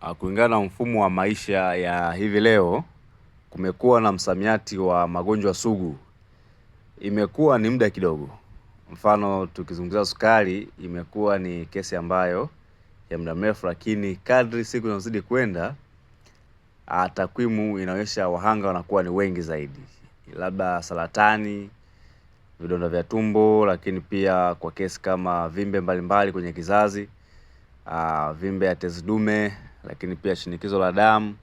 Ah, kulingana na mfumo wa maisha ya hivi leo, kumekuwa na msamiati wa magonjwa sugu, imekuwa ni muda kidogo. Mfano, tukizungumzia sukari, imekuwa ni kesi ambayo ya muda mrefu, lakini kadri siku zinazidi kwenda, ah, takwimu inaonyesha wahanga wanakuwa ni wengi zaidi, labda saratani, vidonda vya tumbo, lakini pia kwa kesi kama vimbe mbalimbali kwenye kizazi, ah, vimbe ya tezi dume lakini pia shinikizo la damu,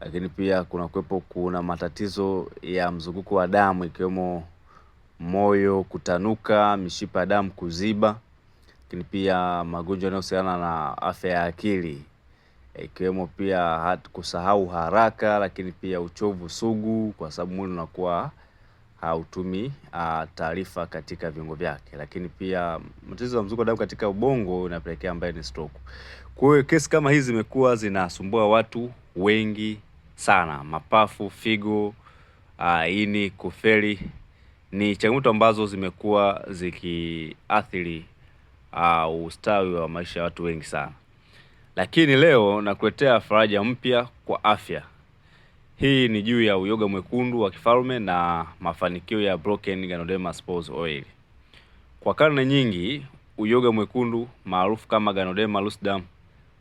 lakini pia kuna kuwepo kuna matatizo ya mzunguko wa damu ikiwemo moyo kutanuka, mishipa ya damu kuziba, lakini pia magonjwa yanayohusiana na afya ya akili ikiwemo pia kusahau haraka, lakini pia uchovu sugu, kwa sababu mwili unakuwa utumi uh, ah, taarifa katika viungo vyake, lakini pia matatizo mm, ya mzunguko wa damu katika ubongo unapelekea ambaye ni stroke. Kwa hiyo kesi kama hizi zimekuwa zinasumbua watu wengi sana, mapafu, figo, uh, ini kufeli ni changamoto ambazo zimekuwa zikiathiri uh, ustawi wa maisha ya watu wengi sana, lakini leo nakuletea faraja mpya kwa afya. Hii ni juu ya uyoga mwekundu wa kifalme na mafanikio ya Broken Ganoderma Spores Oil. Kwa karne nyingi, uyoga mwekundu maarufu kama Ganoderma lucidum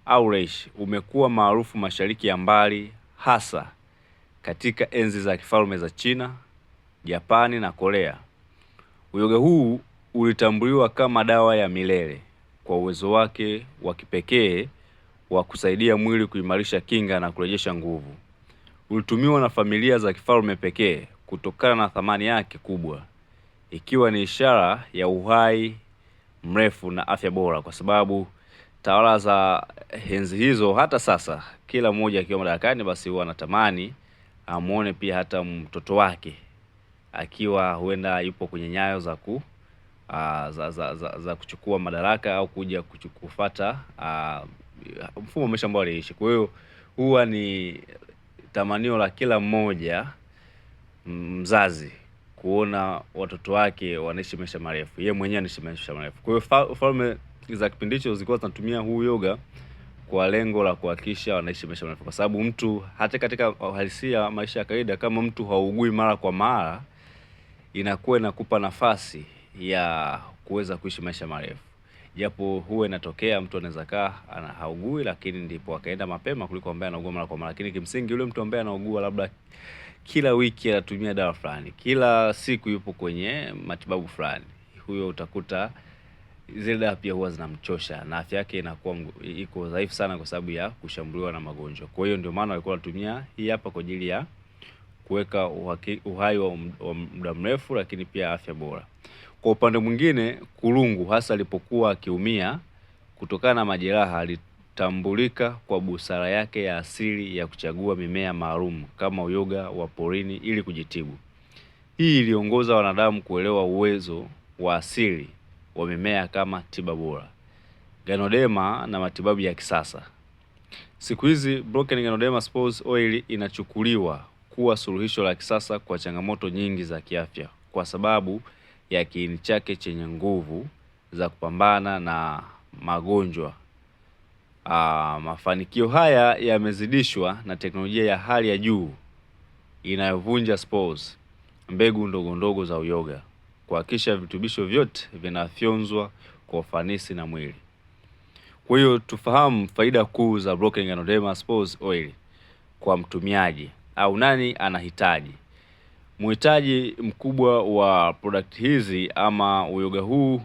au Reish umekuwa maarufu Mashariki ya Mbali, hasa katika enzi za kifalme za China, Japani na Korea. Uyoga huu ulitambuliwa kama dawa ya milele kwa uwezo wake wa kipekee wa kusaidia mwili kuimarisha kinga na kurejesha nguvu ulitumiwa na familia za kifalme pekee kutokana na thamani yake kubwa, ikiwa ni ishara ya uhai mrefu na afya bora, kwa sababu tawala za enzi hizo hata sasa, kila mmoja akiwa madarakani, basi huwa anatamani amwone pia hata mtoto wake akiwa huenda yupo kwenye nyayo za ku za, za, za, za kuchukua madaraka au kuja kufuata mfumo maisha ambao aliishi. Kwa hiyo huwa ni tamanio la kila mmoja mzazi kuona watoto wake wanaishi maisha marefu, yeye mwenyewe anaishi maisha marefu. Kwa hiyo falme za kipindi hicho zilikuwa zinatumia huu yoga kwa lengo la kuhakikisha wanaishi maisha marefu, kwa sababu mtu hata katika uhalisia maisha ya kawaida, kama mtu haugui mara kwa mara, inakuwa inakupa nafasi ya kuweza kuishi maisha marefu japo huwa inatokea mtu anaweza kaa haugui, lakini ndipo akaenda mapema kuliko ambaye anaugua mara kwa mara. Lakini kimsingi yule mtu ambaye anaugua labda kila wiki anatumia dawa fulani, kila siku yupo kwenye matibabu fulani, huyo utakuta zile dawa pia huwa zinamchosha na afya yake inakuwa iko dhaifu sana, kwa sababu ya kushambuliwa na magonjwa. Kwa hiyo ndio maana walikuwa wanatumia hii hapa kwa ajili ya kuweka uhai wa muda mrefu, lakini pia afya bora. Kwa upande mwingine, Kulungu hasa alipokuwa akiumia kutokana na majeraha, alitambulika kwa busara yake ya asili ya kuchagua mimea maalum kama uyoga wa porini ili kujitibu. Hii iliongoza wanadamu kuelewa uwezo wa asili wa mimea kama tiba bora, Ganoderma na matibabu ya kisasa. Siku hizi Broken Ganoderma Spores Oil inachukuliwa kuwa suluhisho la kisasa kwa changamoto nyingi za kiafya kwa sababu ya kiini chake chenye nguvu za kupambana na magonjwa. Aa, ah, mafanikio haya yamezidishwa na teknolojia ya hali ya juu inayovunja spores, mbegu ndogo ndogo za uyoga, kuhakikisha virutubisho vyote vinafyonzwa kwa ufanisi na mwili. Kwa hiyo tufahamu faida kuu za Broken Ganoderma Spores Oil kwa mtumiaji au nani anahitaji. Mhitaji mkubwa wa product hizi ama uyoga huu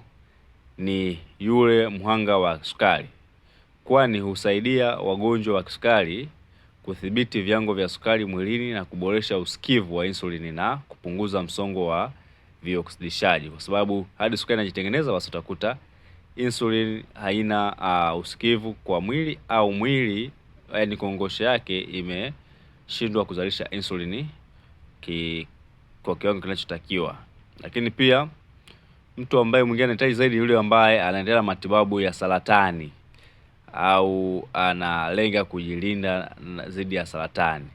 ni yule mhanga wa sukari, kwani husaidia wagonjwa wa kisukari kudhibiti viwango vya sukari mwilini na kuboresha usikivu wa insulini na kupunguza msongo wa vioksidishaji, kwa sababu hadi sukari inajitengeneza, basi utakuta insulin haina uh, usikivu kwa mwili au mwili yani eh, kongosho yake imeshindwa kuzalisha insulini ki kwa kiwango kinachotakiwa. Lakini pia mtu ambaye mwingine anahitaji zaidi yule ambaye anaendelea matibabu ya saratani au analenga kujilinda dhidi ya saratani.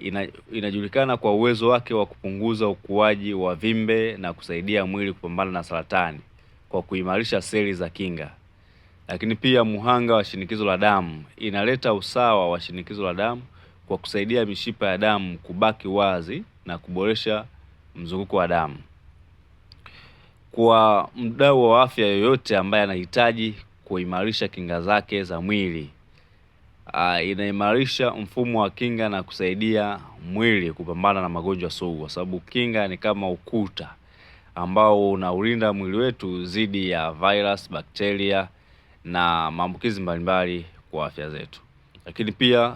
Ina, inajulikana kwa uwezo wake wa kupunguza ukuaji wa vimbe na kusaidia mwili kupambana na saratani kwa kuimarisha seli za kinga. Lakini pia muhanga wa shinikizo la damu, inaleta usawa wa shinikizo la damu kwa kusaidia mishipa ya damu kubaki wazi na kuboresha mzunguko wa damu. Kwa mdau wa afya yoyote ambaye anahitaji kuimarisha kinga zake za mwili, uh, inaimarisha mfumo wa kinga na kusaidia mwili kupambana na magonjwa sugu, kwa sababu kinga ni kama ukuta ambao unaulinda mwili wetu dhidi ya virus, bakteria na maambukizi mbalimbali kwa afya zetu. Lakini pia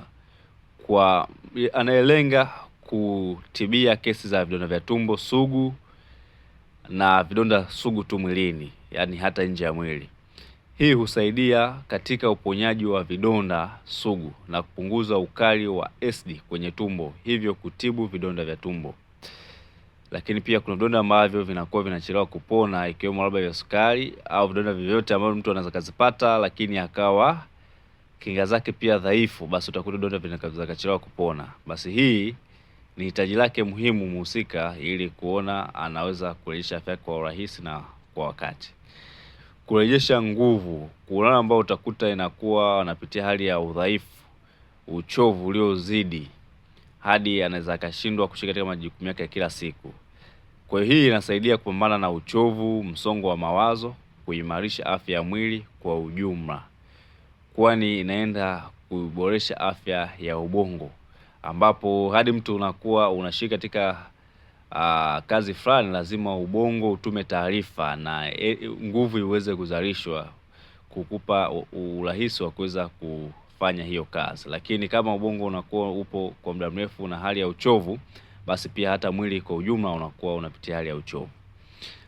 kwa anayelenga kutibia kesi za vidonda vya tumbo sugu na vidonda sugu tu mwilini, yaani hata nje ya mwili. Hii husaidia katika uponyaji wa vidonda sugu na kupunguza ukali wa acid kwenye tumbo, hivyo kutibu vidonda vya tumbo. Lakini pia kuna vidonda ambavyo vinakuwa vinachelewa kupona, ikiwemo labda vya sukari au vidonda vyovyote ambavyo mtu anaweza kazipata, lakini akawa kinga zake pia dhaifu, basi utakuta vidonda vinakachelewa kupona. Basi hii ni hitaji lake muhimu mhusika ili kuona anaweza kurejesha afya yake kwa urahisi na kwa wakati. Kurejesha nguvu, kuna wale ambao utakuta inakuwa wanapitia hali ya udhaifu, uchovu uliozidi hadi anaweza akashindwa kushika katika majukumu yake ya kila siku. Kwa hiyo hii inasaidia kupambana na uchovu, msongo wa mawazo, kuimarisha afya ya mwili kwa ujumla, kwani inaenda kuboresha afya ya ubongo ambapo hadi mtu unakuwa unashika katika uh, kazi fulani, lazima ubongo utume taarifa na e, e nguvu iweze kuzalishwa kukupa urahisi wa kuweza kufanya hiyo kazi. Lakini kama ubongo unakuwa upo kwa muda mrefu na hali ya uchovu, basi pia hata mwili kwa ujumla unakuwa unapitia hali ya uchovu.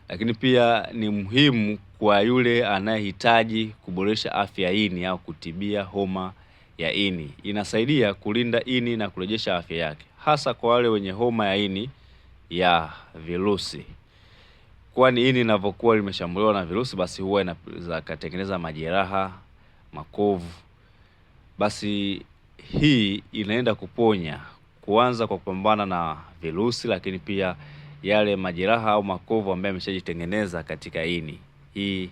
Lakini pia ni muhimu kwa yule anayehitaji kuboresha afya ini au kutibia homa ya ini. Inasaidia kulinda ini na kurejesha afya yake, hasa kwa wale wenye homa ya ini ya virusi, kwani ini linavyokuwa limeshambuliwa na virusi, basi huwa katengeneza majeraha, makovu. Basi hii inaenda kuponya kuanza kwa kupambana na virusi, lakini pia yale majeraha au makovu ambayo ameshajitengeneza katika ini. Hii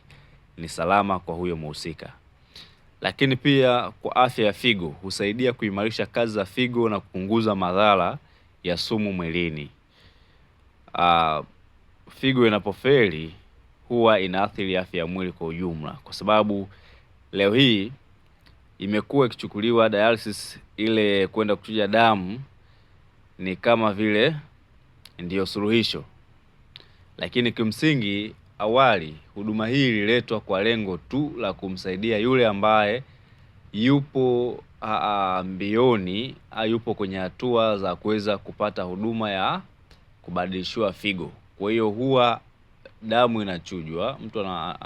ni salama kwa huyo mhusika. Lakini pia kwa afya ya figo, husaidia kuimarisha kazi za figo na kupunguza madhara ya sumu mwilini. Uh, figo inapofeli huwa inaathiri afya ya mwili kwa ujumla, kwa sababu leo hii imekuwa ikichukuliwa dialysis ile kwenda kuchuja damu ni kama vile ndiyo suluhisho, lakini kimsingi awali huduma hii ililetwa kwa lengo tu la kumsaidia yule ambaye yupo mbioni au yupo kwenye hatua za kuweza kupata huduma ya kubadilishiwa figo. Kwa hiyo huwa damu inachujwa, mtu ana,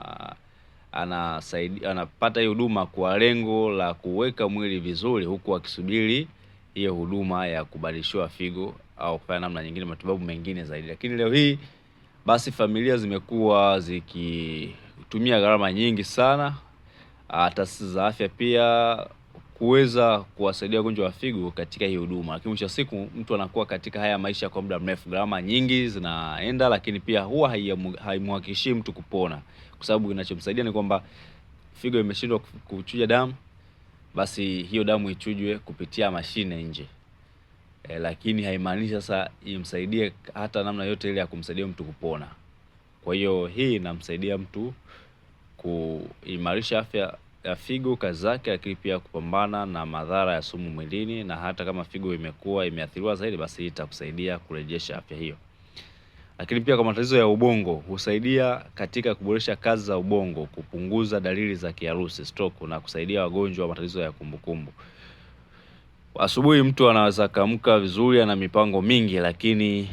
anasaidia, anapata hii huduma kwa lengo la kuweka mwili vizuri, huku akisubiri hiyo huduma ya kubadilishiwa figo au kufanya namna nyingine matibabu mengine zaidi, lakini leo hii basi familia zimekuwa zikitumia gharama nyingi sana, ah, taasisi za afya pia kuweza kuwasaidia wagonjwa wa figo katika hii huduma, lakini mwisho wa siku mtu anakuwa katika haya maisha kwa muda mrefu, gharama nyingi zinaenda, lakini pia huwa haimhakikishii mtu kupona, kwa sababu inachomsaidia ni kwamba figo imeshindwa kuchuja damu, basi hiyo damu ichujwe kupitia mashine nje e, lakini haimaanishi sasa imsaidie hata namna yote ile ya kumsaidia mtu kupona. Kwa hiyo hii inamsaidia mtu kuimarisha afya ya figo, kazi zake, lakini pia kupambana na madhara ya sumu mwilini, na hata kama figo imekuwa imeathiriwa zaidi, basi itakusaidia kurejesha afya hiyo. Lakini pia kwa matatizo ya ubongo, husaidia katika kuboresha kazi za ubongo, kupunguza dalili za kiharusi stroke, na kusaidia wagonjwa wa matatizo ya kumbukumbu. Asubuhi mtu anaweza kaamka vizuri, ana mipango mingi, lakini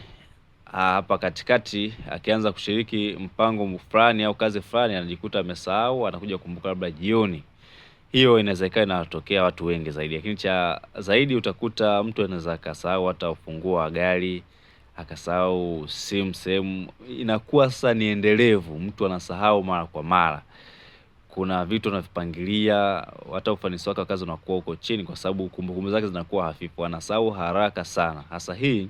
ah, hapa katikati akianza kushiriki mpango fulani au kazi fulani, anajikuta amesahau, anakuja kukumbuka labda jioni. Hiyo inawezekana inawatokea watu wengi zaidi, lakini cha zaidi utakuta mtu anaweza akasahau hata ufunguo wa gari, akasahau simu sehemu. Inakuwa sasa ni endelevu, mtu anasahau mara kwa mara kuna vitu anavipangilia, hata ufanisi wake wa kazi unakuwa uko chini, kwa sababu kumbukumbu zake zinakuwa hafifu, anasahau haraka sana. Hasa hii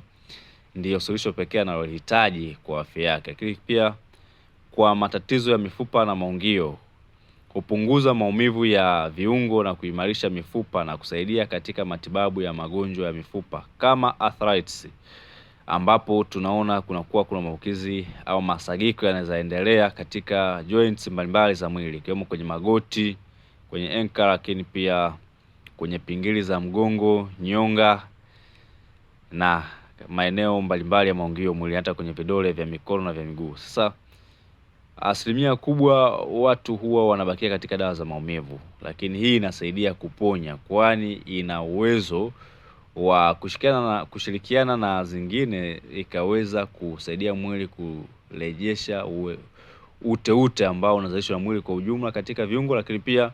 ndiyo suluhisho pekee analohitaji kwa afya yake. Lakini pia kwa matatizo ya mifupa na maungio, hupunguza maumivu ya viungo na kuimarisha mifupa na kusaidia katika matibabu ya magonjwa ya mifupa kama arthritis ambapo tunaona kunakuwa kuna maambukizi au masagiko yanaweza endelea katika joints mbalimbali za mwili ikiwemo kwenye magoti, kwenye enka, lakini pia kwenye pingili za mgongo, nyonga na maeneo mbalimbali ya maungio mwili, hata kwenye vidole vya mikono na vya miguu. Sasa asilimia kubwa watu huwa wanabakia katika dawa za maumivu, lakini hii inasaidia kuponya, kwani ina uwezo wa kushikiana na, kushirikiana na zingine ikaweza kusaidia mwili kurejesha ute ute ambao unazalishwa na mwili kwa ujumla katika viungo, lakini pia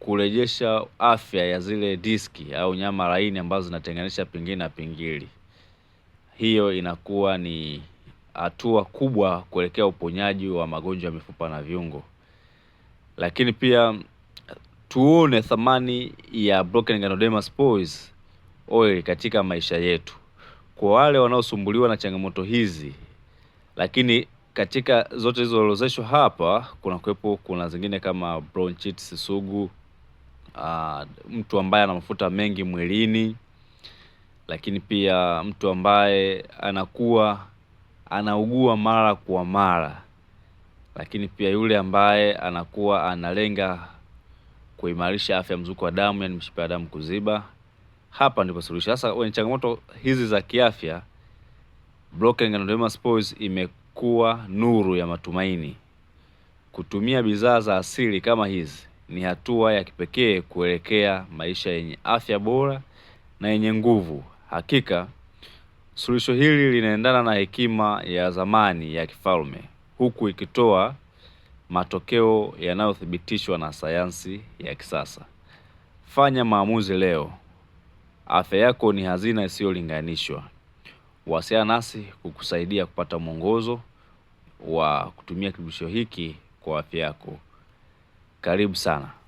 kurejesha afya ya zile diski au nyama laini ambazo zinatenganisha pingili na pingili. Hiyo inakuwa ni hatua kubwa kuelekea uponyaji wa magonjwa ya mifupa na viungo. Lakini pia tuone thamani ya Broken Ganoderma spores oil katika maisha yetu. Kwa wale wanaosumbuliwa na changamoto hizi, lakini katika zote zilizoorodheshwa hapa kuna kuwepo kuna zingine kama bronchitis sugu, uh, mtu ambaye ana mafuta mengi mwilini, lakini pia mtu ambaye anakuwa anaugua mara kwa mara, lakini pia yule ambaye anakuwa analenga kuimarisha afya mzuko wa damu, yani mshipa wa damu kuziba hapa ndipo suluhisho. Sasa wenye changamoto hizi za kiafya, Broken Ganoderma Spores imekuwa nuru ya matumaini. Kutumia bidhaa za asili kama hizi ni hatua ya kipekee kuelekea maisha yenye afya bora na yenye nguvu. Hakika suluhisho hili linaendana na hekima ya zamani ya kifalme, huku ikitoa matokeo yanayothibitishwa na sayansi ya kisasa. Fanya maamuzi leo. Afya yako ni hazina isiyolinganishwa. Wasiliana nasi kukusaidia kupata mwongozo wa kutumia kirutubisho hiki kwa afya yako. Karibu sana.